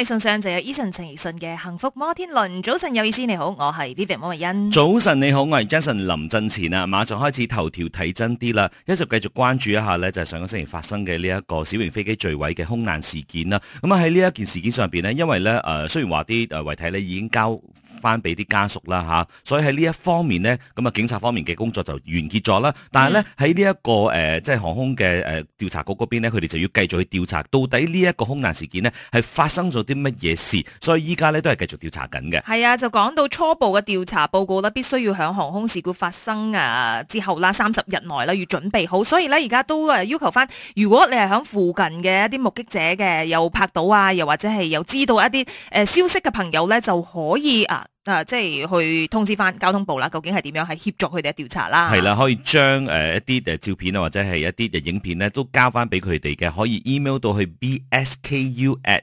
微信上就有 Eason 陳奕迅嘅《幸福摩天輪》。早晨有意思，你好，我係 Vivian 摩慧欣。早晨你好，我係 Jason 林振前啊！馬上開始頭條睇真啲啦，一就繼續關注一下呢，就係、是、上個星期發生嘅呢一個小型飛機墜毀嘅空難事件啦。咁啊喺呢一件事件上邊呢，因為呢，誒、呃、雖然話啲誒遺體咧已經交翻俾啲家屬啦吓、啊，所以喺呢一方面呢，咁啊警察方面嘅工作就完結咗啦。但係呢，喺呢一個誒即係航空嘅誒、呃、調查局嗰邊呢，佢哋就要繼續去調查到底呢一個空難事件呢係發生咗。啲乜嘢事，所以依家咧都係繼續調查緊嘅。係啊，就講到初步嘅調查報告咧，必須要響航空事故發生啊之後啦、啊，三十日內啦、啊，要準備好。所以咧，而家都誒要求翻，如果你係響附近嘅一啲目擊者嘅，又拍到啊，又或者係有知道一啲誒、呃、消息嘅朋友咧，就可以啊啊，即係去通知翻交通部啦，究竟係點樣，係協助佢哋調查啦。係啦、啊，可以將誒一啲誒照片啊，或者係一啲嘅影片咧、啊，都交翻俾佢哋嘅，可以 email 到去 bsku at。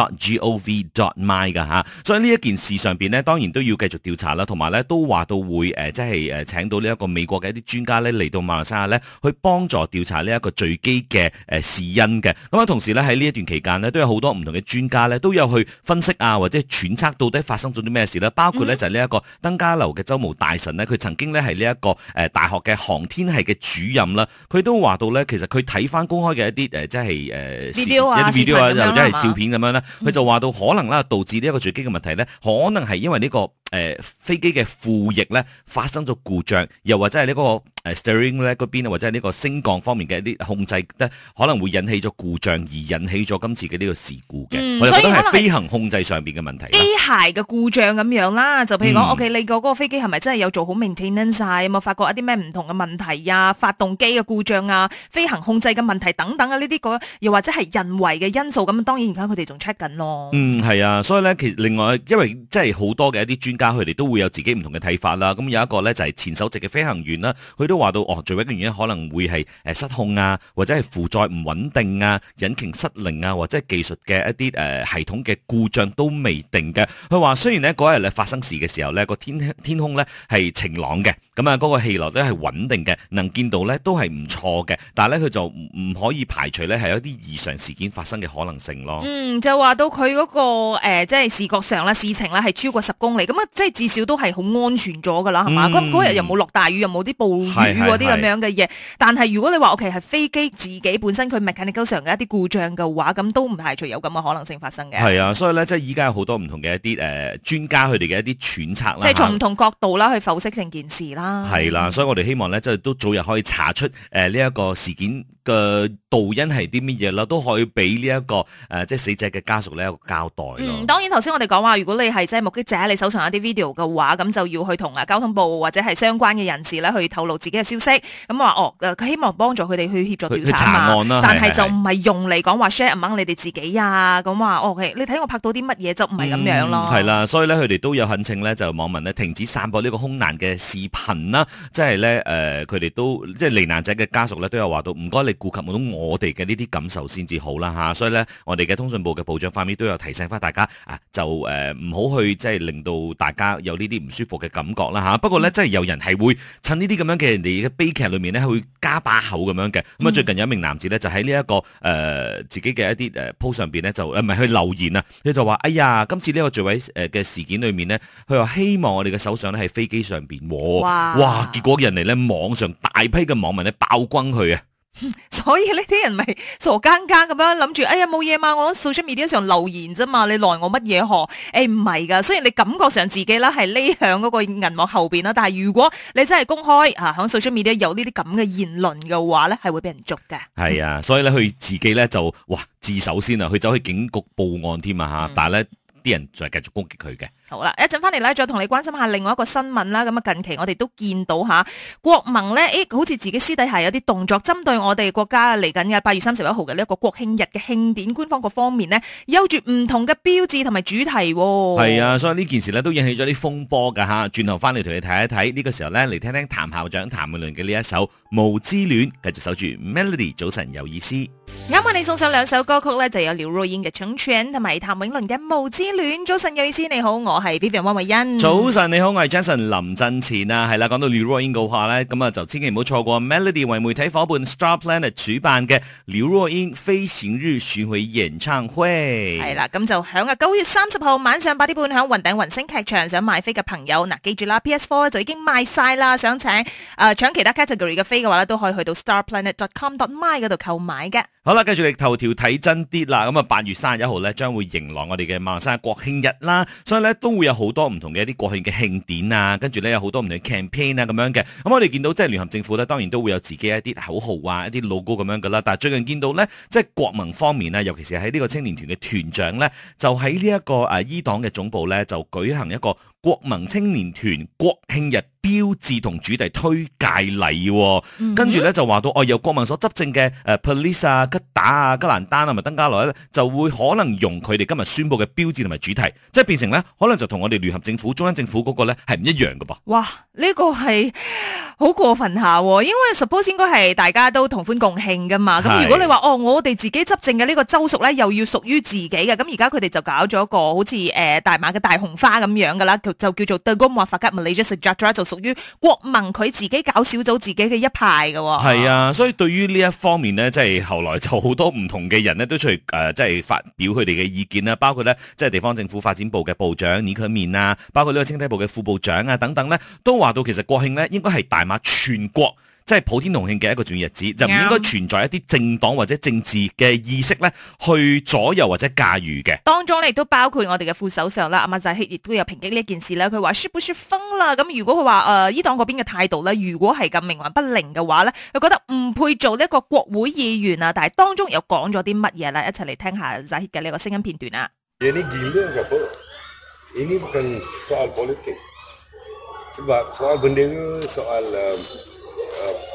o g o v d o t m y 噶，所以呢一件事上邊呢當然要繼呢都要繼續調查啦，同埋咧都話到會誒，即係誒，請到呢一個美國嘅一啲專家咧嚟到馬來西亞咧，去幫助調查呢一個墜機嘅誒事因嘅。咁啊，同時咧喺呢一段期間呢，都有好多唔同嘅專家咧，都有去分析啊，或者揣測到底發生咗啲咩事咧，包括咧、嗯、就係呢一個登嘉樓嘅州務大臣呢，佢曾經咧係呢一個誒、呃、大學嘅航天系嘅主任啦，佢都話到咧，其實佢睇翻公開嘅一啲誒、呃，即係誒 video 咁樣佢就話到可能啦，導致呢一個墜機嘅問題咧，可能係因為呢、這個。誒、呃、飛機嘅副翼咧發生咗故障，又或者係呢、嗰個誒、呃、steering 咧嗰邊，或者係呢個升降方面嘅一啲控制咧，可能會引起咗故障而引起咗今次嘅呢個事故嘅、嗯。我哋覺得係可能飛行控制上邊嘅問題。機械嘅故障咁樣啦，就譬如講、嗯、OK，你嗰個飛機係咪真係有做好 maintenance 曬？有冇發覺一啲咩唔同嘅問題啊？發動機嘅故障啊，飛行控制嘅問題等等啊，呢啲又或者係人為嘅因素咁，當然而家佢哋仲 check 緊咯。嗯，係啊，所以咧，其實另外因為即係好多嘅一啲專。家佢哋都會有自己唔同嘅睇法啦。咁有一個呢，就係、是、前首席嘅飛行員啦，佢都話到哦，最危嘅原因可能會係失控啊，或者係負載唔穩定啊，引擎失靈啊，或者係技術嘅一啲、呃、系統嘅故障都未定嘅。佢話雖然呢嗰日咧發生事嘅時候呢，個天天空呢係晴朗嘅，咁啊嗰個氣流都係穩定嘅，能見度呢都係唔錯嘅，但係呢，佢就唔可以排除呢係有啲異常事件發生嘅可能性咯。嗯，就話到佢嗰、那個、呃、即係視覺上啦，事情啦係超過十公里咁啊。即係至少都係好安全咗噶啦，係嘛？咁嗰日又冇落大雨，又冇啲暴雨嗰啲咁樣嘅嘢。但係如果你話我其實係飛機自己本身佢咪肯定夠強嘅一啲故障嘅話，咁都唔排除有咁嘅可能性發生嘅。係啊，所以咧即係依家有好多唔同嘅一啲誒專家佢哋嘅一啲揣測啦。即係從唔同角度啦去剖析成件事啦。係啦、啊嗯，所以我哋希望咧即係都早日可以查出誒呢一個事件嘅導因係啲乜嘢啦，都可以俾呢一個誒、呃、即係死者嘅家屬呢一個交代咯、嗯。當然頭先我哋講話，如果你係即係目擊者，你手上一啲 Video 嘅話，咁就要去同啊交通部或者係相關嘅人士咧去透露自己嘅消息。咁話哦，佢、呃、希望幫助佢哋去協助調查啊。但係就唔係用嚟講話 share 掹你哋自己啊。咁話哦，你睇我拍到啲乜嘢就唔係咁樣咯。係、嗯、啦，所以咧佢哋都有懇請咧，就網民咧停止散播呢個空難嘅視頻啦。即係咧佢哋都即係罹難者嘅家屬咧都有話到，唔該你顧及到我哋嘅呢啲感受先至好啦、啊、所以咧，我哋嘅通訊部嘅部長範美都有提醒翻大家啊，就誒唔好去即係、就是、令到大。大家有呢啲唔舒服嘅感覺啦吓，不過咧真係有人係會趁呢啲咁樣嘅人哋嘅悲劇裏面咧，去加把口咁樣嘅。咁啊，最近有一名男子咧、這個，就喺呢一個誒自己嘅一啲誒 po 上邊咧，就誒唔係去留言啊，佢就話：哎呀，今次呢個墜毀誒嘅事件裏面咧，佢話希望我哋嘅首相咧喺飛機上邊。嘩，哇！結果人哋咧網上大批嘅網民咧爆轟佢啊！ 所以呢啲人咪傻更更咁樣諗住，哎呀冇嘢嘛，我喺 social media 上留言啫嘛，你奈我乜嘢嗬？誒唔係噶，雖然你感覺上自己啦係匿響嗰個銀幕後邊啦，但係如果你真係公開啊喺 social media 有呢啲咁嘅言論嘅話咧，係會俾人捉嘅。係啊，所以咧佢自己咧就哇自首先啊，佢走去警局報案添啊吓，但係咧啲人就係繼續攻擊佢嘅。好啦，一陣翻嚟啦，再同你關心下另外一個新聞啦。咁啊，近期我哋都見到吓，國盟咧，誒，好似自己私底下有啲動作，針對我哋國家嚟緊嘅八月三十一號嘅呢一個國慶日嘅慶典，官方個方面咧有住唔同嘅標誌同埋主題。係啊，所以呢件事咧都引起咗啲風波噶吓。轉頭翻嚟同你睇一睇呢個時候咧，嚟聽聽譚校長譚詠麟嘅呢一首《霧之戀》，繼續守住 Melody，早晨有意思。啱啱你送上兩首歌曲咧，就有廖瑞英嘅《春卷》同埋譚詠麟嘅《霧之戀》，早晨有意思。你好，我。係 B B M 溫慧欣，早晨你好，我係 Jason 林振前啊。係啦，講到劉若英嘅話咧，咁啊就千祈唔好錯過 Melody 為媒體伙伴 Star Planet 主辦嘅劉若英飛行日巡回演唱會，係啦，咁、嗯、就響啊九月三十號晚上八點半響雲頂雲星劇場，想買飛嘅朋友嗱、呃，記住啦，P S Four 就已經賣晒啦，想請誒搶、呃、其他 category 嘅飛嘅話咧，都可以去到 Star Planet dot com dot my 度購買嘅。好啦，繼續嚟頭條睇真啲啦。咁啊，八月三十一號咧，將會迎來我哋嘅萬山國慶日啦。所以咧，都會有好多唔同嘅一啲國慶嘅慶典啊。跟住咧，有好多唔同嘅 campaign 啊，咁樣嘅。咁我哋見到即係聯合政府咧，當然都會有自己一啲口號啊，一啲老歌咁樣噶啦。但係最近見到咧，即係國盟方面咧，尤其是喺呢個青年團嘅團長咧，就喺呢一個誒，伊黨嘅總部咧，就舉行一個。國民青年團國慶日標誌同主題推介禮，跟住咧就話到哦，由國民所執政嘅誒，Perlis、吉打啊、吉蘭丹啊、埋登嘉樓咧，就會可能用佢哋今日宣布嘅標誌同埋主題，即係變成咧，可能就同我哋聯合政府、中央政府嗰個咧係唔一樣噶噃。哇，呢、這個係好過分一下，因為 suppose 應該係大家都同歡共慶噶嘛。咁如果你話哦，我哋自己執政嘅呢個州屬咧，又要屬於自己嘅，咁而家佢哋就搞咗一個好似誒、呃、大馬嘅大紅花咁樣噶啦。就叫做對公物法給物理者食著咗，就屬於國民佢自己搞小組自己嘅一派嘅喎。係啊，所以對於呢一方面呢，即係後來就好多唔同嘅人呢，都出嚟誒即係發表佢哋嘅意見啦。包括咧即係地方政府發展部嘅部長以克面啊，包括呢個青體部嘅副部長啊等等呢，都話到其實國慶呢應該係大馬全國，即係普天同慶嘅一個轉日子，就唔應該存在一啲政黨或者政治嘅意識咧，去左右或者駕馭嘅。當中咧亦都包括我哋嘅副首相啦，阿扎希亦都有評擊呢一件事啦。佢話 s 不 s 瘋啦。咁如果佢話誒，伊黨嗰邊嘅態度咧，如果係咁冥頑不靈嘅話咧，佢覺得唔配做呢一個國會議員啊。但係當中又講咗啲乜嘢咧？一齊嚟聽一下扎希嘅呢個聲音片段啊。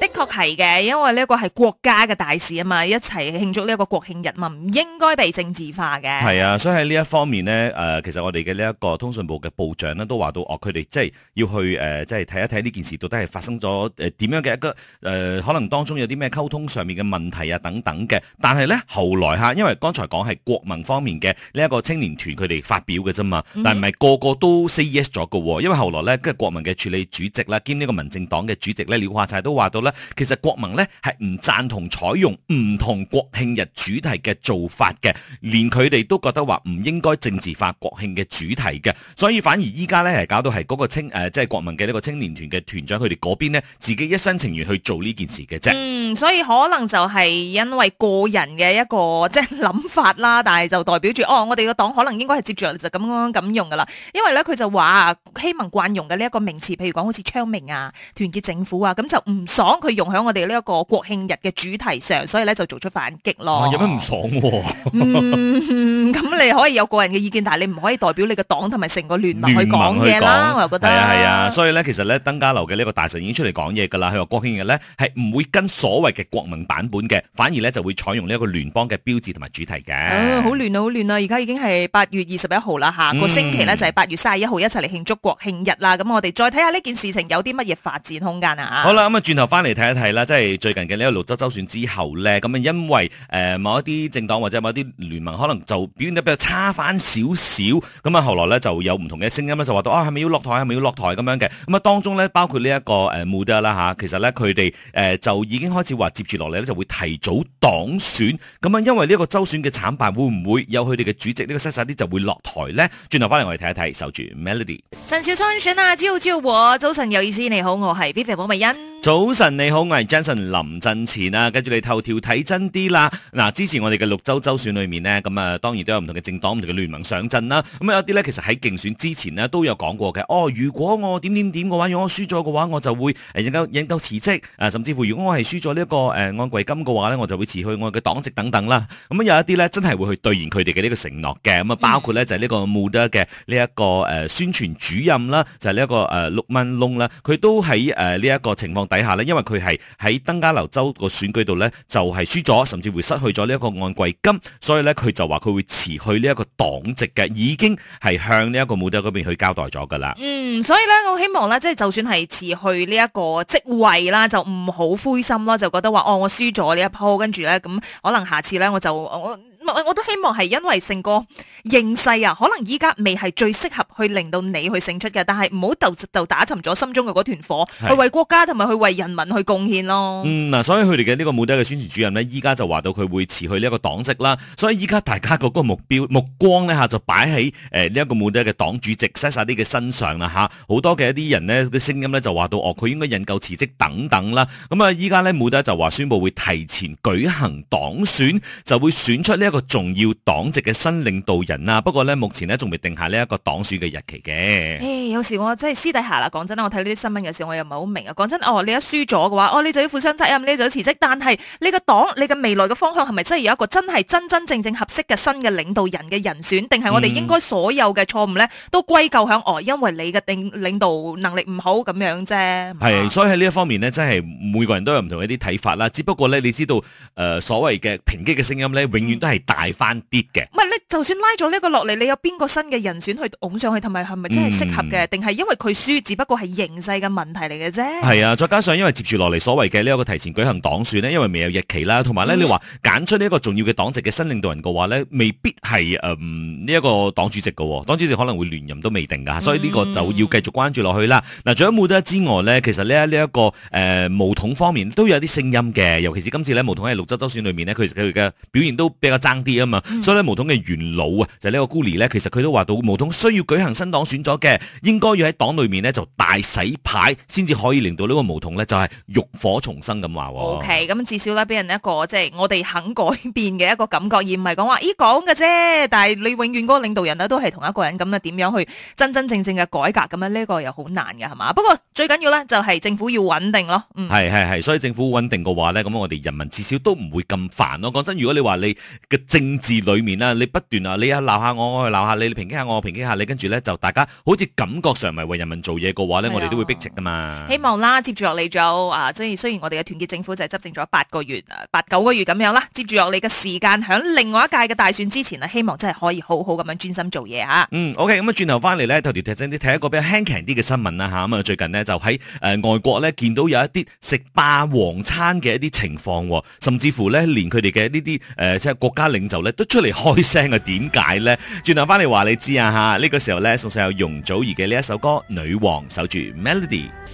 的確係嘅，因為呢一個係國家嘅大事啊嘛，一齊慶祝呢一個國慶日嘛，唔應該被政治化嘅。係啊，所以喺呢一方面呢，誒、呃，其實我哋嘅呢一個通訊部嘅部長呢都話到，哦，佢哋即係要去誒，即係睇一睇呢件事到底係發生咗誒點樣嘅一個誒、呃，可能當中有啲咩溝通上面嘅問題啊等等嘅。但係呢，後來吓，因為剛才講係國民方面嘅呢一個青年團佢哋發表嘅啫嘛，但係唔係個個都 say yes 咗嘅、哦，因為後來呢，跟國民嘅處理主席啦兼呢個民政黨嘅主席呢，廖化齊都話到。其實國民呢係唔贊同採用唔同國慶日主題嘅做法嘅，連佢哋都覺得話唔應該政治化國慶嘅主題嘅，所以反而依家呢係搞到係嗰個青誒即係國民嘅呢個青年團嘅團長他們那邊呢，佢哋嗰邊呢自己一廂情願去做呢件事嘅啫。嗯，所以可能就係因為個人嘅一個即係諗法啦，但係就代表住哦，我哋個黨可能應該係接住就咁樣咁用噶啦。因為呢，佢就話希望慣用嘅呢一個名詞，譬如講好似昌明啊、團結政府啊，咁就唔爽。佢用喺我哋呢一個國慶日嘅主題上，所以咧就做出反擊咯。有咩唔爽喎，啊？咁、 嗯嗯、你可以有個人嘅意見，但係你唔可以代表你的黨和個黨同埋成個聯盟去講嘢啦。我又覺得係啊，係啊。所以咧，其實咧，登嘉樓嘅呢個大臣已經出嚟講嘢噶啦。佢話國慶日咧係唔會跟所謂嘅國民版本嘅，反而咧就會採用呢一個聯邦嘅標誌同埋主題嘅。好，哦，亂啊，好亂啊！而家已經係八月二十一號啦，下個星期咧就係八月三十一號一齊嚟慶祝國慶日啦。咁，嗯嗯、我哋再睇下呢件事情有啲乜嘢發展空間啊？好啦，咁啊轉頭翻。嚟睇一睇啦，即係最近嘅呢個六州州選之後咧，咁啊，因為誒、呃、某一啲政黨或者某一啲聯盟可能就表現得比較差翻少少，咁啊，後來咧就有唔同嘅聲音咧就話到啊，係咪要落台，係咪要落台咁樣嘅咁啊？當中咧包括呢一個誒穆德啦吓，其實咧佢哋誒就已經開始話接住落嚟咧就會提早黨選咁樣，因為呢個州選嘅慘敗會唔會有佢哋嘅主席呢個賽沙迪就會落台咧？轉頭翻嚟我哋睇一睇，守住 Melody，陳小春選啊，朝朝早晨有意思，你好，我係 B B 寶美欣。早晨你好，我係 Jason 林振前啊，跟住你頭條睇真啲啦。嗱，之前我哋嘅六州州選裏面呢，咁啊，當然都有唔同嘅政黨唔同嘅聯盟上陣啦。咁、嗯、有一啲呢，其實喺競選之前呢都有講過嘅。哦，如果我點點點嘅話，如果我輸咗嘅話，我就會誒引咎引咎辭職、啊、甚至乎如果我係輸咗呢一個誒、呃、按櫃金嘅話呢，我就會辭去我嘅黨籍等等啦。咁、嗯、有一啲呢，真係會去兌現佢哋嘅呢個承諾嘅。咁、嗯、啊、嗯，包括呢，就係呢個 Mood 嘅呢一個誒宣傳主任啦，就係呢一個誒、呃、六文龍啦，佢都喺誒呢一個情況睇下咧，因為佢係喺登加樓州個選舉度咧，就係輸咗，甚至會失去咗呢一個按櫃金，所以咧佢就話佢會辭去呢一個黨籍嘅，已經係向呢一個武德嗰邊去交代咗噶啦。嗯，所以咧，我希望咧，即係就算係辭去呢一個職位啦，就唔好灰心咯，就覺得話哦，我輸咗呢一鋪，跟住咧咁，可能下次咧我就我。我都希望係，因為成個形勢啊，可能依家未係最適合去令到你去勝出嘅，但係唔好就就打沉咗心中嘅嗰團火，去為國家同埋去為人民去貢獻咯。嗯，嗱，所以佢哋嘅呢個冇德嘅宣傳主任呢，依家就話到佢會辭去呢一個黨籍啦。所以依家大家個個目標目光呢，吓，就擺喺誒呢一個武德嘅黨主席晒晒啲嘅身上啦吓。好多嘅一啲人呢，啲聲音呢就話到哦，佢應該引咎辭職等等啦。咁啊，依家呢，冇德就話宣佈會提前舉行黨選，就會選出呢一個。個重要黨籍嘅新領導人啊，不過咧，目前咧，仲未定下呢一個黨選嘅日期嘅。誒，有時我真係私底下啦，講真啦，我睇呢啲新聞嘅時候，我又唔係好明啊。講真，哦，你一輸咗嘅話，哦，你就要負上責任，你就要辭職。但係你個黨，你嘅未來嘅方向係咪真係有一個真係真真正正合適嘅新嘅領導人嘅人選？定係我哋應該所有嘅錯誤咧，都歸咎響哦，因為你嘅領領導能力唔好咁樣啫。係，所以喺呢一方面咧，真係每個人都有唔同一啲睇法啦。只不過咧，你知道誒，所謂嘅抨擊嘅聲音咧，永遠都係大翻啲嘅，唔係，你就算拉咗呢個落嚟，你有邊個新嘅人選去拱上去，同埋係咪真係適合嘅？定、嗯、係因為佢輸，只不過係形勢嘅問題嚟嘅啫。係啊，再加上因為接住落嚟所謂嘅呢一個提前舉行黨選呢，因為未有日期啦，同埋咧你話揀出呢一個重要嘅黨籍嘅新領導人嘅話咧，未必係呢一個黨主席嘅，黨主席可能會連任都未定㗎，所以呢個就要繼續關注落去啦。嗱，除咗冇得之外咧，其實呢一呢一個誒巫、呃、統方面都有啲聲音嘅，尤其是今次咧巫統喺六州州選裏面呢，佢佢嘅表現都比較爭啲啊嘛，所以咧，巫統嘅元老啊，就是、個姑呢個姑里咧，其實佢都話到，巫統需要舉行新黨選咗嘅，應該要喺黨裏面咧就大洗牌，先至可以令到呢個巫統咧就係浴火重生咁話。OK，咁至少咧俾人一個即係、就是、我哋肯改變嘅一個感覺，而唔係講話咦講嘅啫。但係你永遠嗰個領導人咧都係同一個人咁啊，點樣去真真正正嘅改革咁樣？呢、這個又好難嘅係嘛。不過最緊要咧就係政府要穩定咯。嗯，係係係，所以政府穩定嘅話咧，咁我哋人民至少都唔會咁煩咯。講真，如果你話你嘅政治裏面啊，你不斷啊，你啊鬧下我，我去鬧下你，你抨擊下我，我抨擊下你，跟住咧就大家好似感覺上唔係為人民做嘢嘅話咧，我哋都會逼迫噶嘛。希望啦，接住落嚟仲啊，雖然雖然我哋嘅團結政府就係執政咗八個月，八、啊、九個月咁樣啦。接住落嚟嘅時間喺另外一屆嘅大選之前啦、啊，希望真係可以好好咁樣專心做嘢，吓，嗯，OK，咁啊轉頭翻嚟咧，頭條睇真啲，睇一個比較輕鬆啲嘅新聞啦嚇。咁啊、嗯、最近呢，就喺誒、呃、外國咧見到有一啲食霸王餐嘅一啲情況、啊，甚至乎咧連佢哋嘅呢啲誒即係國家。領袖咧都出嚟開聲啊？點解呢？轉頭翻嚟話你知啊吓？呢、這個時候呢，送上有容祖兒嘅呢一首歌《女王守住 Melody》。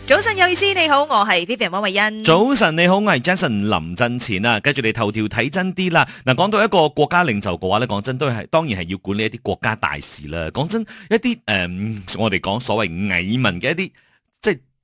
早晨有意思，你好，我係 Vivian 王慧欣。早晨你好，我係 Jason 林振前啊！跟住你頭條睇真啲啦！嗱，講到一個國家領袖嘅話呢，講真都係當然係要管理一啲國家大事啦。講真，一啲誒、呃，我哋講所謂偽民嘅一啲。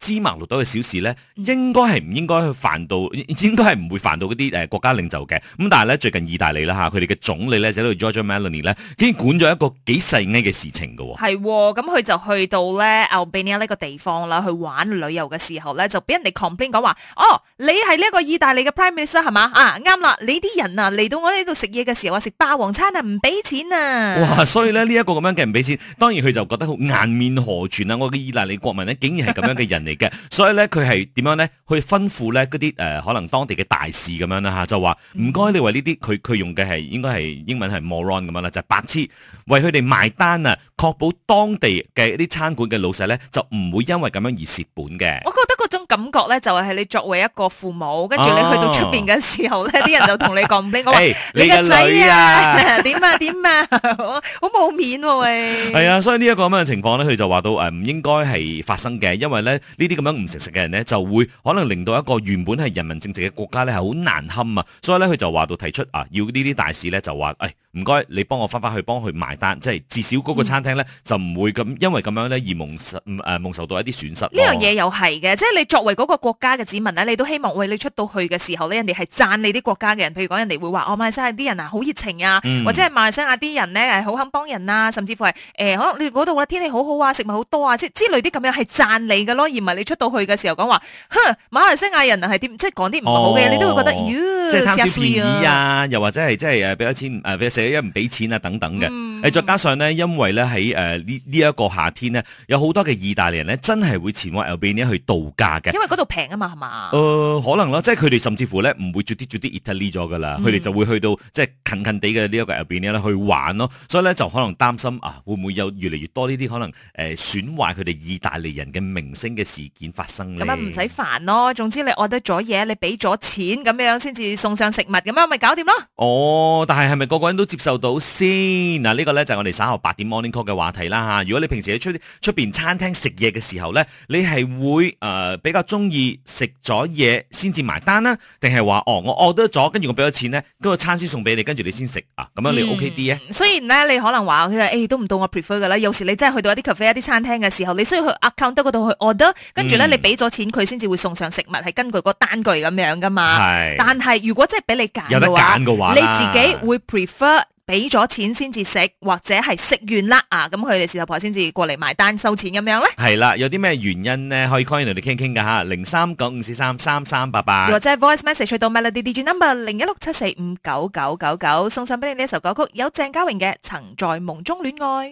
芝麻綠豆嘅小事咧，應該係唔應該去煩到，應該係唔會煩到嗰啲誒國家領袖嘅。咁但係咧，最近意大利啦嚇，佢哋嘅總理咧就係個 Giorgia Meloni 咧，竟然管咗一個幾細嘅嘅事情嘅、哦。係、哦，咁、嗯、佢就去到咧奧比尼亞呢一個地方啦，去玩旅遊嘅時候咧，就俾人哋 complain 講話，哦、oh，你係呢一個意大利嘅 Prime Minister 係嘛？啊啱啦，你啲人啊嚟到我呢度食嘢嘅時候啊，食霸王餐啊，唔俾錢啊！哇，所以呢，呢一個咁樣嘅唔俾錢， 當然佢就覺得好顏面何存啊？我嘅意大利國民呢，竟然係咁樣嘅人。 嚟嘅，所以咧佢係點樣咧？去吩咐咧嗰啲誒，可能當地嘅大使咁樣啦吓，就話唔該你為呢啲佢佢用嘅係應該係英文係 moron 咁樣啦，就係白痴為佢哋埋單啊，確保當地嘅一啲餐館嘅老細咧就唔會因為咁樣而蝕本嘅。種感覺咧就係你作為一個父母，跟住你去到出邊嘅時候咧，啲人就同你講，俾我話你個仔啊，點啊點啊，好好冇面喂。係啊，所以呢一個咁樣嘅情況咧，佢就話到誒，唔應該係發生嘅，因為咧呢啲咁樣唔誠實嘅人咧，就會可能令到一個原本係人民正直嘅國家咧係好難堪啊。所以咧，佢就話到提出啊，要呢啲大使咧就話，誒唔該，你幫我翻翻去幫佢埋單，即係至少嗰個餐廳咧就唔會咁因為咁樣咧而蒙誒蒙受到一啲損失。呢樣嘢又係嘅，即係。你作為嗰個國家嘅子民咧，你都希望喂你出到去嘅時候咧，人哋係讚你啲國家嘅人。譬如講，人哋會話，馬來西亞啲人啊，好熱情啊，嗯，或者係馬來西亞啲人咧，係好肯幫人啊，甚至乎係誒，欸，可能你嗰度嘅天氣好好啊，食物好多啊之之類啲咁樣係讚你嘅咯，而唔係你出到去嘅時候講話，哼，馬來西亞人啊，係點？即係講啲唔好嘅嘢，你都會覺得，咦，呃，即係貪小便宜啊，又或者係即係誒俾咗錢誒，俾咗食一唔俾錢啊，呃，等等嘅。嗯再加上咧，因為咧喺誒呢呢一個夏天咧，有好多嘅意大利人咧，真係會前往 Albania 去度假嘅。因為嗰度平啊嘛，係、呃、嘛？可能啦，即係佢哋甚至乎咧唔會住啲住啲 Italy 咗噶啦，佢、嗯、哋就會去到即係近近地嘅呢一個 Albania 去玩咯。所以咧就可能擔心啊，會唔會有越嚟越多呢啲可能誒損壞佢哋意大利人嘅名聲嘅事件發生。咁啊唔使煩咯，總之你愛得咗嘢，你俾咗錢咁樣先至送上食物咁樣，咪搞掂咯。哦，但係係咪個個人都接受到先嗱呢？啊嘅咧就係我哋稍後八點 morning call 嘅話題啦吓，如果你平時喺出出邊餐廳食嘢嘅時候咧，你係會誒比較中意食咗嘢先至埋單啦，定係話哦我 order 咗，跟住我俾咗錢咧，嗰個餐先送俾你，跟住你先食啊，咁樣你 OK 啲嘅？雖然咧你可能話佢實誒都唔到我 prefer 噶啦，有時你真係去到一啲 cafe 一啲餐廳嘅時候，你需要去 account 嗰度去 order，跟住咧你俾咗錢佢先至會送上食物，係根據個單據咁樣噶嘛。係。但係如果真係俾你揀有得揀嘅話,話，你自己會 prefer？俾咗錢先至食，或者係食完啦啊！咁佢哋事頭婆先至過嚟埋單收錢咁樣咧。係啦，有啲咩原因咧可以 call 同你傾傾㗎吓，零三九五四三三三八八，或者 voice message 到 Melody DJ number 零一六七四五九九九九，送上俾你呢一首歌曲，有鄭嘉穎嘅《曾在夢中戀愛》。